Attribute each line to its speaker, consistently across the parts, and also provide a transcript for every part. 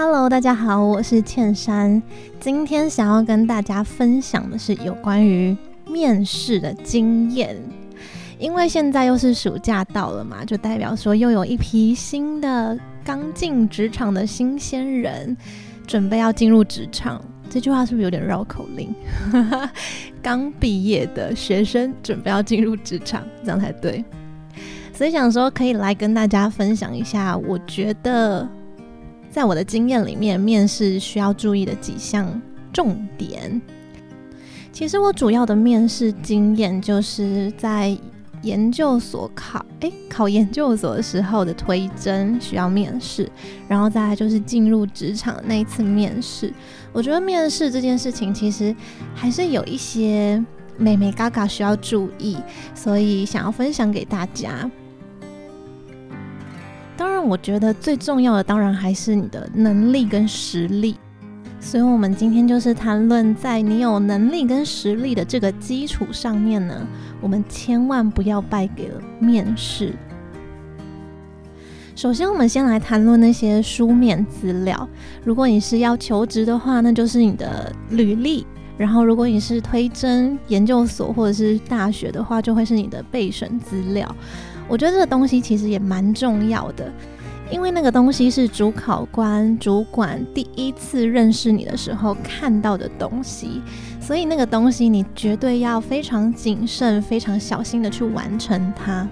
Speaker 1: Hello，大家好，我是茜珊。今天想要跟大家分享的是有關於面試的經驗，因為現在又是暑假到了嘛，就代表說又有一批新的剛進職場的新鮮人準備要進入職場。這句話是不是有點繞口令？哈哈，剛畢業的學生準備要進入職場，這樣才對。所以想說可以來跟大家分享一下，我覺得。在我的經驗裡面，面試需要注意的幾項重點。其實我主要的面試經驗就是在研究所考，誒、欸，考研究所的時候的推甄需要面試，然後再來就是進入職場那一次面試。我覺得面試這件事情其實還是有一些眉眉角角需要注意，所以想要分享給大家。當然，我覺得最重要的當然還是你的能力跟實力。所以，我們今天就是談論在你有能力跟實力的這個基礎上面呢，我們千萬不要敗給了面試。首先，我們先來談論那些書面資料。如果你是要求職的話，那就是你的履歷；然後，如果你是推甄研究所或者是大學的話，就會是你的備審資料。我覺得這個東西其實也蠻重要的，因為那個東西是主考官主管第一次認識你的時候看到的東西，所以那個東西你絕對要非常謹慎、非常小心的去完成它。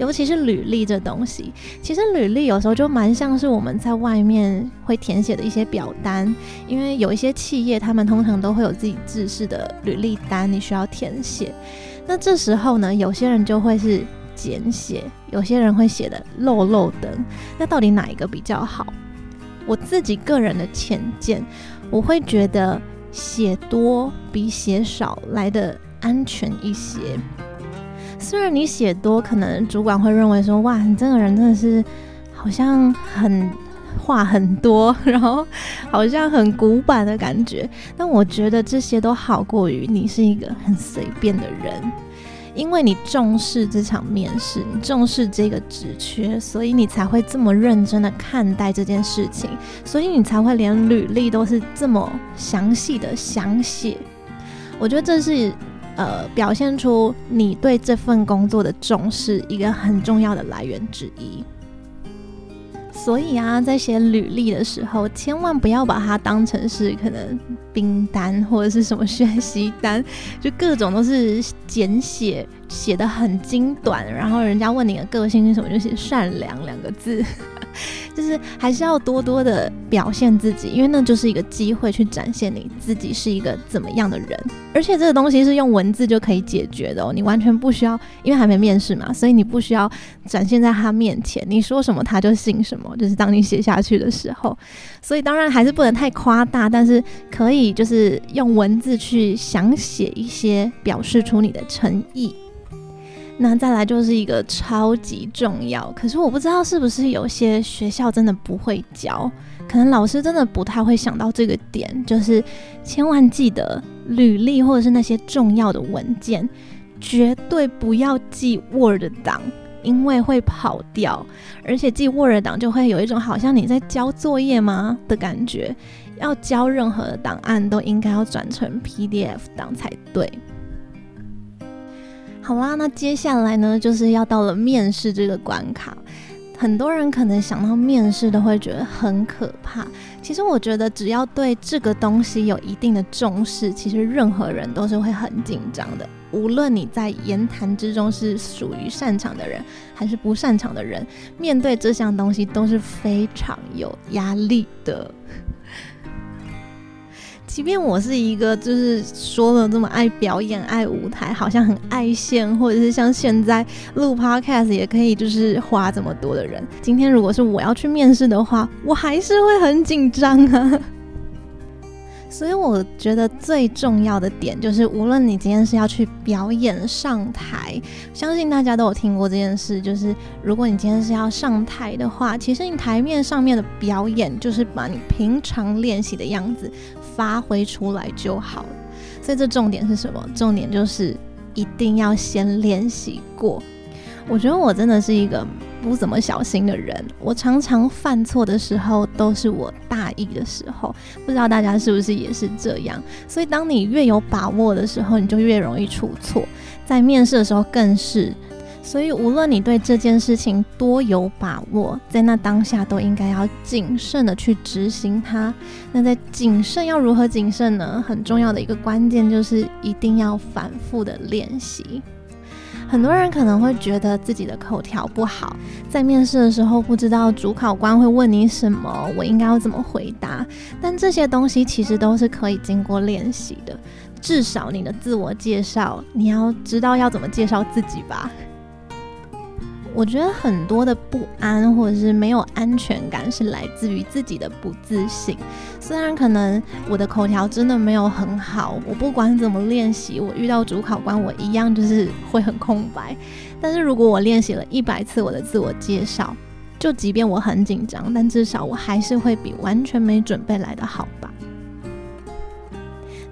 Speaker 1: 尤其是履歷這東西，其實履歷有時候就蠻像是我們在外面會填寫的一些表單，因為有一些企業他們通常都會有自己制式的履歷單，你需要填寫。那這時候呢，有些人就會是。簡寫，有些人會寫的落落長，那到底哪一個比較好？我自己個人的淺見，我會覺得寫多比寫少來得安全一些。雖然你寫多，可能主管會認為說，哇，你這個人真的是好像很話很多，然後好像很古板的感覺。但我覺得這些都好過於你是一個很隨便的人。因為你重視這場面試，你重視這個職缺，所以你才會這麼認真的看待這件事情，所以你才會連履歷都是這麼詳細的詳寫。我覺得這是呃表現出你對這份工作的重視一個很重要的來源之一。所以啊，在寫履歷的時候，千萬不要把它當成是可能。訂單或者是什麼學習單，就各種都是簡寫，寫得很精短。然後人家問你的個性是什麼，就寫善良兩個字， 就是還是要多多的表現自己，因為那就是一個機會去展現你自己是一個怎麼樣的人。而且這個東西是用文字就可以解決的哦，你完全不需要，因為還沒面試嘛，所以你不需要展現在他面前，你說什麼他就信什麼。就是當你寫下去的時候，所以當然還是不能太誇大，但是可以。就是用文字去想寫一些，表示出你的誠意。那再來就是一個超級重要，可是我不知道是不是有些學校真的不會教，可能老師真的不太會想到這個點，就是千萬記得，履歷或者是那些重要的文件，絕對不要寄 Word 檔。因為會跑掉，而且記 Word 檔就會有一種好像你在交作業嗎的感覺。要交任何的檔案都應該要轉成 PDF 檔才對。好啦，那接下來呢，就是要到了面試這個關卡。很多人可能想到面試都會覺得很可怕，其實我覺得只要對這個東西有一定的重視，其實任何人都是會很緊張的。無論你在言談之中是屬於擅長的人，還是不擅長的人，面對這項東西都是非常有壓力的。即便我是一個就是說了這麼愛表演、愛舞台，好像很愛現，或者是像現在錄 podcast 也可以，就是花這麼多的人，今天如果是我要去面試的話，我還是會很緊張啊。所以我覺得最重要的點就是，無論你今天是要去表演上台，相信大家都有聽過這件事。就是如果你今天是要上台的話，其實你台面上面的表演就是把你平常練習的樣子發揮出來就好了。所以這重點是什麼？重點就是一定要先練習過。我覺得我真的是一個不怎麼小心的人，我常常犯錯的時候都是我大意的時候，不知道大家是不是也是這樣？所以，當你越有把握的時候，你就越容易出錯。在面試的時候更是，所以無論你對這件事情多有把握，在那當下都應該要謹慎的去執行它。那在謹慎要如何謹慎呢？很重要的一個關鍵就是一定要反復的練習。很多人可能會覺得自己的口條不好，在面試的時候不知道主考官會問你什麼，我應該要怎麼回答？但這些東西其實都是可以經過練習的，至少你的自我介紹，你要知道要怎麼介紹自己吧。我覺得很多的不安或者是沒有安全感是來自於自己的不自信。雖然可能我的口條真的沒有很好，我不管怎麼練習，我遇到主考官我一樣就是會很空白。但是如果我練習了一百次我的自我介紹，就即便我很緊張，但至少我還是會比完全沒準備來的好吧。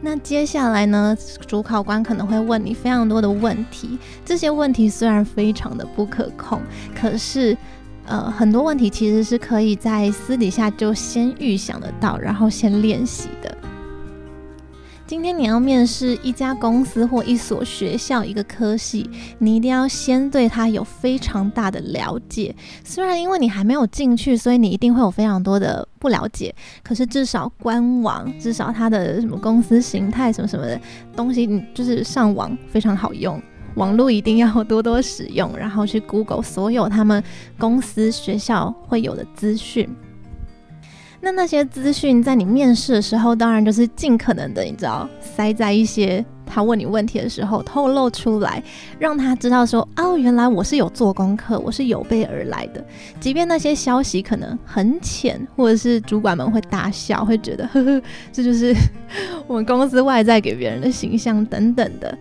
Speaker 1: 那接下來呢，主考官可能會問你非常多的問題。這些問題雖然非常的不可控，可是，呃，很多問題其實是可以在私底下就先預想得到，然後先練習的。今天你要面試一家公司，或一所學校一個科系，你一定要先對它有非常大的了解。雖然因為你還沒有進去，所以你一定會有非常多的不了解，可是至少官網，至少它的什麼公司形態什麼什麼的東西，你就是上網非常好用，網絡一定要多多使用，然後去 Google 所有他們公司學校會有的資訊。那那些資訊在你面試的時候，當然就是盡可能的，你知道，塞在一些他問你問題的時候透露出來，讓他知道說，哦，原來我是有做功課，我是有備而來的。即便那些消息可能很淺，或者是主管們會大笑，會覺得呵呵，這就是我們公司外在給別人的形象等等的，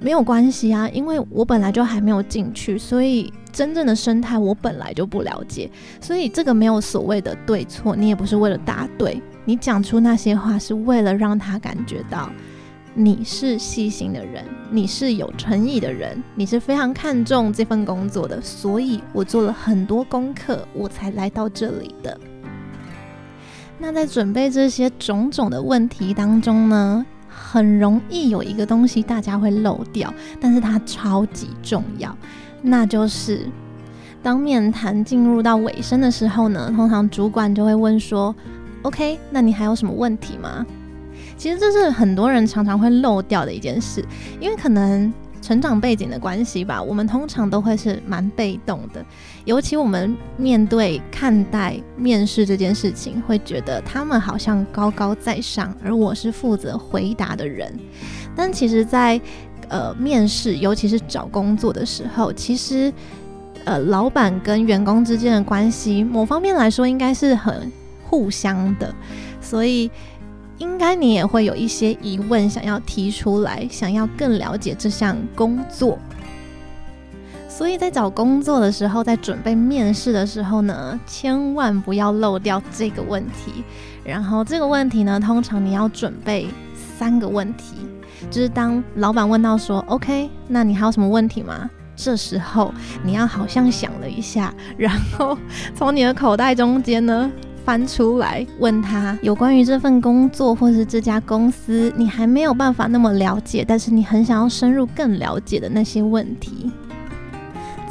Speaker 1: 沒有關係啊，因為我本來就還沒有進去，所以。真正的生態，我本來就不了解，所以這個沒有所謂的對錯。你也不是為了答對，你講出那些話是為了讓他感覺到你是細心的人，你是有誠意的人，你是非常看重這份工作的。所以我做了很多功課，我才來到這裡的。那在準備這些種種的問題當中呢，很容易有一個東西大家會漏掉，但是它超級重要。那就是當面談進入到尾聲的時候呢，通常主管就會問說：“OK，那你還有什麼問題嗎？”其實這是很多人常常會漏掉的一件事，因為可能成長背景的關係吧，我們通常都會是蠻被動的，尤其我們面對看待面試這件事情，會覺得他們好像高高在上，而我是負責回答的人。但其實在呃，面試，尤其是找工作的時候，其實，呃，老闆跟員工之間的關係，某方面來說，應該是很互相的，所以，應該你也會有一些疑問想要提出來，想要更了解這項工作。所以在找工作的時候，在準備面試的時候呢，千萬不要漏掉這個問題。然後這個問題呢，通常你要準備三個問題。就是當老闆問到說 “OK，那你還有什麼問題嗎？”，這時候你要好像想了一下，然後從你的口袋中間呢，翻出來問他，有關於這份工作或是這家公司，你還沒有辦法那麼了解，但是你很想要深入更了解的那些問題。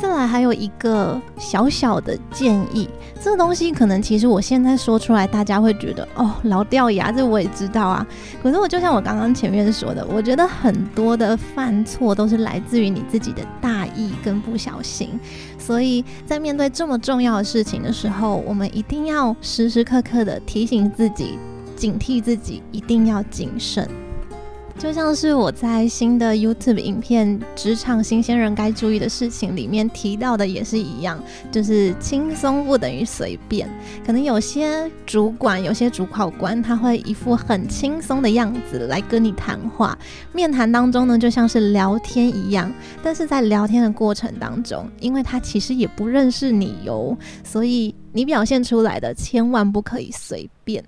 Speaker 1: 再來還有一個小小的建議，這個東西可能其實我現在說出來，大家會覺得哦，老掉牙，這我也知道啊。可是我就像我剛剛前面說的，我覺得很多的犯錯都是來自於你自己的大意跟不小心，所以在面對這麼重要的事情的時候，我們一定要時時刻刻的提醒自己，警惕自己，一定要謹慎。就像是我在新的 YouTube 影片《職場新鮮人該注意的事情》裡面提到的也是一樣，就是輕鬆不等於隨便。可能有些主管、有些主考官，他會一副很輕鬆的樣子來跟你談話，面談當中呢，就像是聊天一樣。但是在聊天的過程當中，因為他其實也不認識你喲，所以你表現出來的千萬不可以隨便。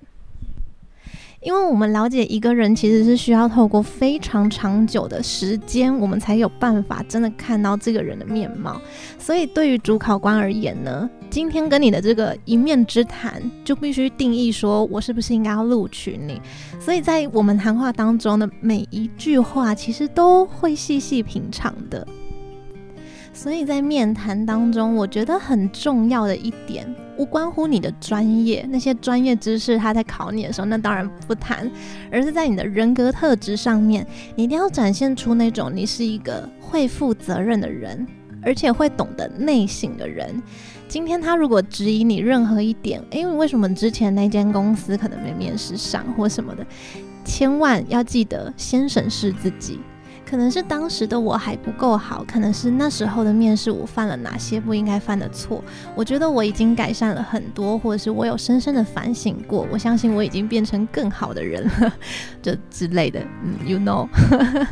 Speaker 1: 因為我們了解一個人，其實是需要透過非常長久的時間，我們才有辦法真的看到這個人的面貌。所以對於主考官而言呢，今天跟你的這個一面之談，就必須定義說我是不是應該要錄取你。所以在我們談話當中的每一句話，其實都會細細品嘗的。所以在面談當中，我覺得很重要的一點。無關乎你的專業，那些專業知識他在考你的時候，那當然不談，而是在你的人格特質上面，你一定要展現出那種你是一個會負責任的人，而且會懂得內省的人。今天他如果質疑你任何一點，因、欸、為為什麼之前那間公司可能沒面試上或什麼的，千萬要記得先審視自己。可能是當時的我還不夠好，可能是那時候的面試我犯了哪些不應該犯的錯。我覺得我已經改善了很多，或者是我有深深的反省過。我相信我已經變成更好的人了，就 之類的。嗯，you know。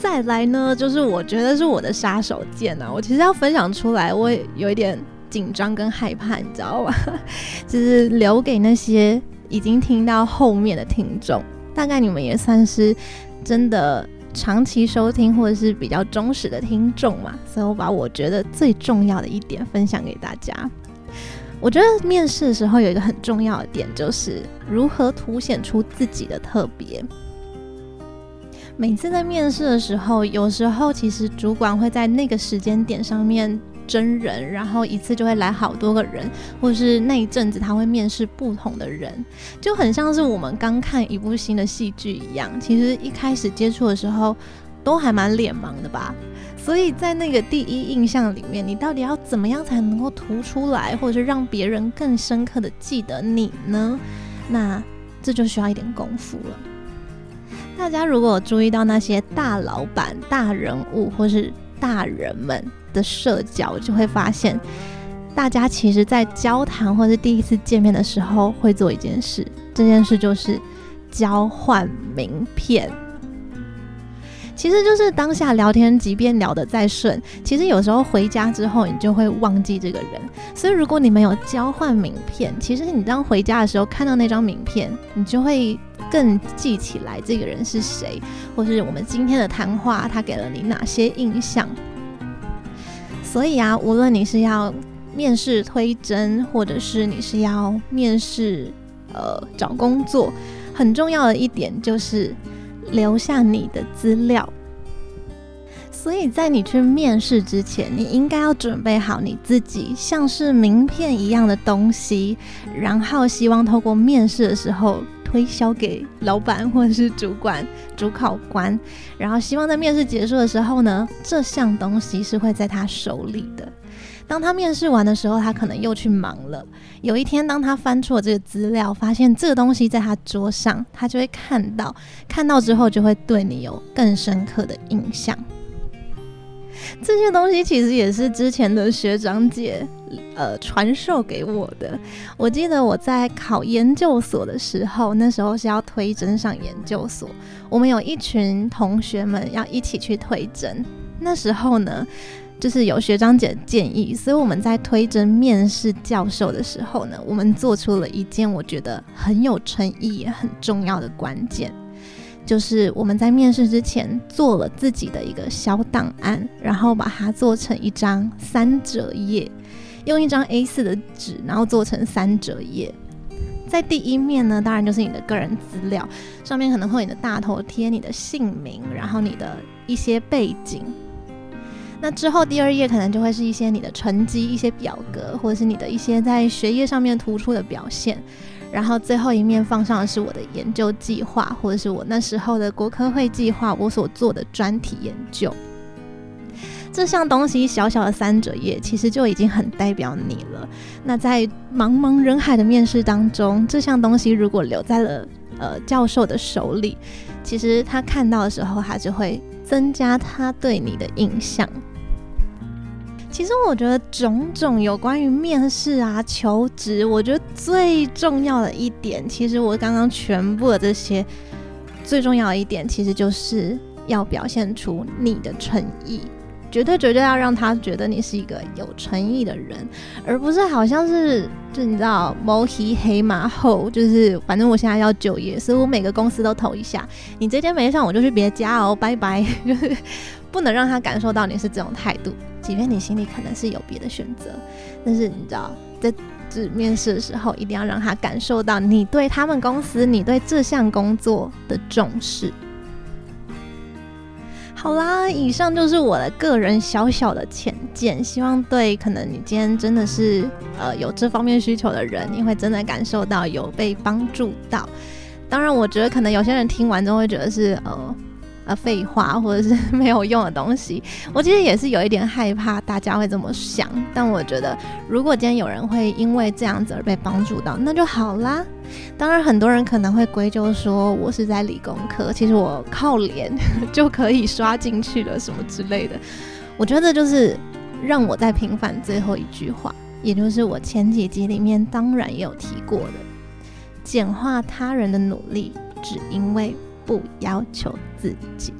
Speaker 1: 再來呢，就是我覺得是我的殺手鐧啊！我其實要分享出來，我有一點緊張跟害怕，你知道吧？ 就是留給那些已經聽到後面的聽眾，大概你們也算是。真的長期收聽或者是比較忠實的聽眾嘛，所以我把我覺得最重要的一點分享給大家。我覺得面試的時候有一個很重要的點，就是如何凸顯出自己的特別。每次在面試的時候，有時候其實主管會在那個時間點上面。真人，然後一次就會來好多個人，或是那一陣子他會面試不同的人，就很像是我們剛看一部新的戲劇一樣。其實一開始接觸的時候，都還蠻臉盲的吧。所以在那個第一印象裡面，你到底要怎麼樣才能夠突出來，或者是讓別人更深刻的記得你呢？那這就需要一點功夫了。大家如果注意到那些大老闆、大人物，或是大人們的社交就會發現，大家其實，在交談或是第一次見面的時候，會做一件事，這件事就是交換名片。其實就是當下聊天，即便聊得再順，其實有時候回家之後，你就會忘記這個人。所以，如果你們有交換名片，其實你當回家的時候看到那張名片，你就會，更記起來這個人是誰，或是我們今天的談話，他給了你哪些印象？所以啊，無論你是要面試推甄，或者是你是要面試呃找工作，很重要的一點就是留下你的資料。所以在你去面試之前，你應該要準備好你自己像是名片一樣的東西，然後希望透過面試的時候，推銷給老板或者是主管、主考官，然後希望在面試結束的時候呢，這項東西是會在他手裡的。當他面試完的時候，他可能又去忙了。有一天，當他翻出了這個資料，發現這個東西在他桌上，他就會看到。看到之後，就會對你有更深刻的印象。這些東西其實也是之前的學長姐。呃，傳授給我的。我記得我在考研究所的時候，那時候是要推甄上研究所。我們有一群同學們要一起去推甄，那時候呢，就是有學長姐的建議，所以我們在推甄面試教授的時候呢，我們做出了一件我覺得很有誠意也很重要的關鍵，就是我們在面試之前做了自己的一個小檔案，然後把它做成一張三折頁。用一張 A4 的紙，然後做成三折頁。在第一面呢，當然就是你的個人資料，上面可能會有你的大頭貼、你的姓名，然後你的一些背景。那之後第二頁可能就會是一些你的成績、一些表格，或者是你的一些在學業上面突出的表現。然後最後一面放上的是我的研究計劃，或者是我那時候的國科會計劃，我所做的專題研究。這項東西小小的三折頁，其實就已經很代表你了。那在茫茫人海的面試當中，這項東西如果留在了呃教授的手裡，其實他看到的時候，還是會增加他對你的印象。其實我覺得種種有關於面試啊、求職，我覺得最重要的一點，其實我剛剛全部的這些最重要的一點，其實就是要表現出你的誠意。絕對絕對要讓他覺得你是一個有誠意的人，而不是好像是就你知道，謀黑黑馬後，就是反正我現在要就業，似乎每個公司都投一下，你這間沒上我就去別家，哦，拜拜， 不能讓他感受到你是這種態度。即便你心裡可能是有別的選擇，但是你知道，在這面試的時候，一定要讓他感受到你對他們公司、你對這項工作的重視。好啦，以上就是我的個人小小的淺見，希望對可能你今天真的是呃有這方面需求的人，你會真的感受到有被幫助到。當然，我覺得可能有些人聽完之後會覺得是呃呃廢話或者是沒有用的東西，我其實也是有一點害怕大家會這麼想。但我覺得如果今天有人會因為這樣子而被幫助到，那就好啦。當然，很多人可能會歸咎說，我是在理工科，其實我靠臉 就可以刷進去了什麼之類的。我覺得就是讓我再平反最後一句話，也就是我前幾集裡面當然也有提過的，簡化他人的努力，只因為不要求自己。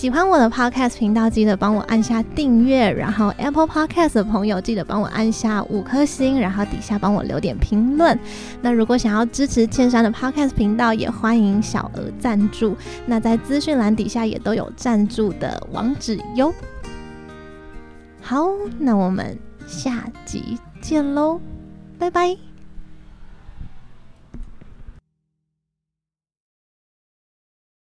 Speaker 1: 喜歡我的 podcast 頻道，記得幫我按下訂閱，然後 Apple Podcast 的朋友記得幫我按下五顆星，然後底下幫我留點評論。那如果想要支持茜珊的 podcast 頻道，也歡迎小額贊助。那在資訊欄底下也都有贊助的網址喲。好，那我們下集見嘍，拜拜。